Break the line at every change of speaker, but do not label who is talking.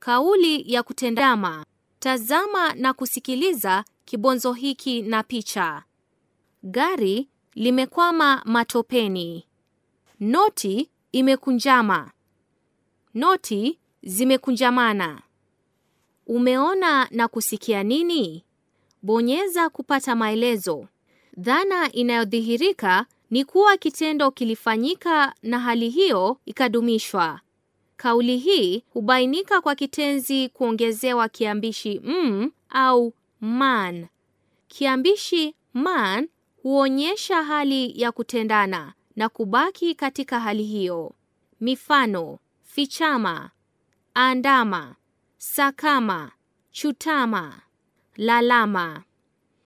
Kauli ya kutendama. Tazama na kusikiliza kibonzo hiki na picha. Gari limekwama matopeni. Noti imekunjama. Noti zimekunjamana. Umeona na kusikia nini? Bonyeza kupata maelezo. Dhana inayodhihirika ni kuwa kitendo kilifanyika na hali hiyo ikadumishwa. Kauli hii hubainika kwa kitenzi kuongezewa kiambishi m au man. Kiambishi man huonyesha hali ya kutendana na kubaki katika hali hiyo. Mifano: fichama, andama, sakama, chutama, lalama.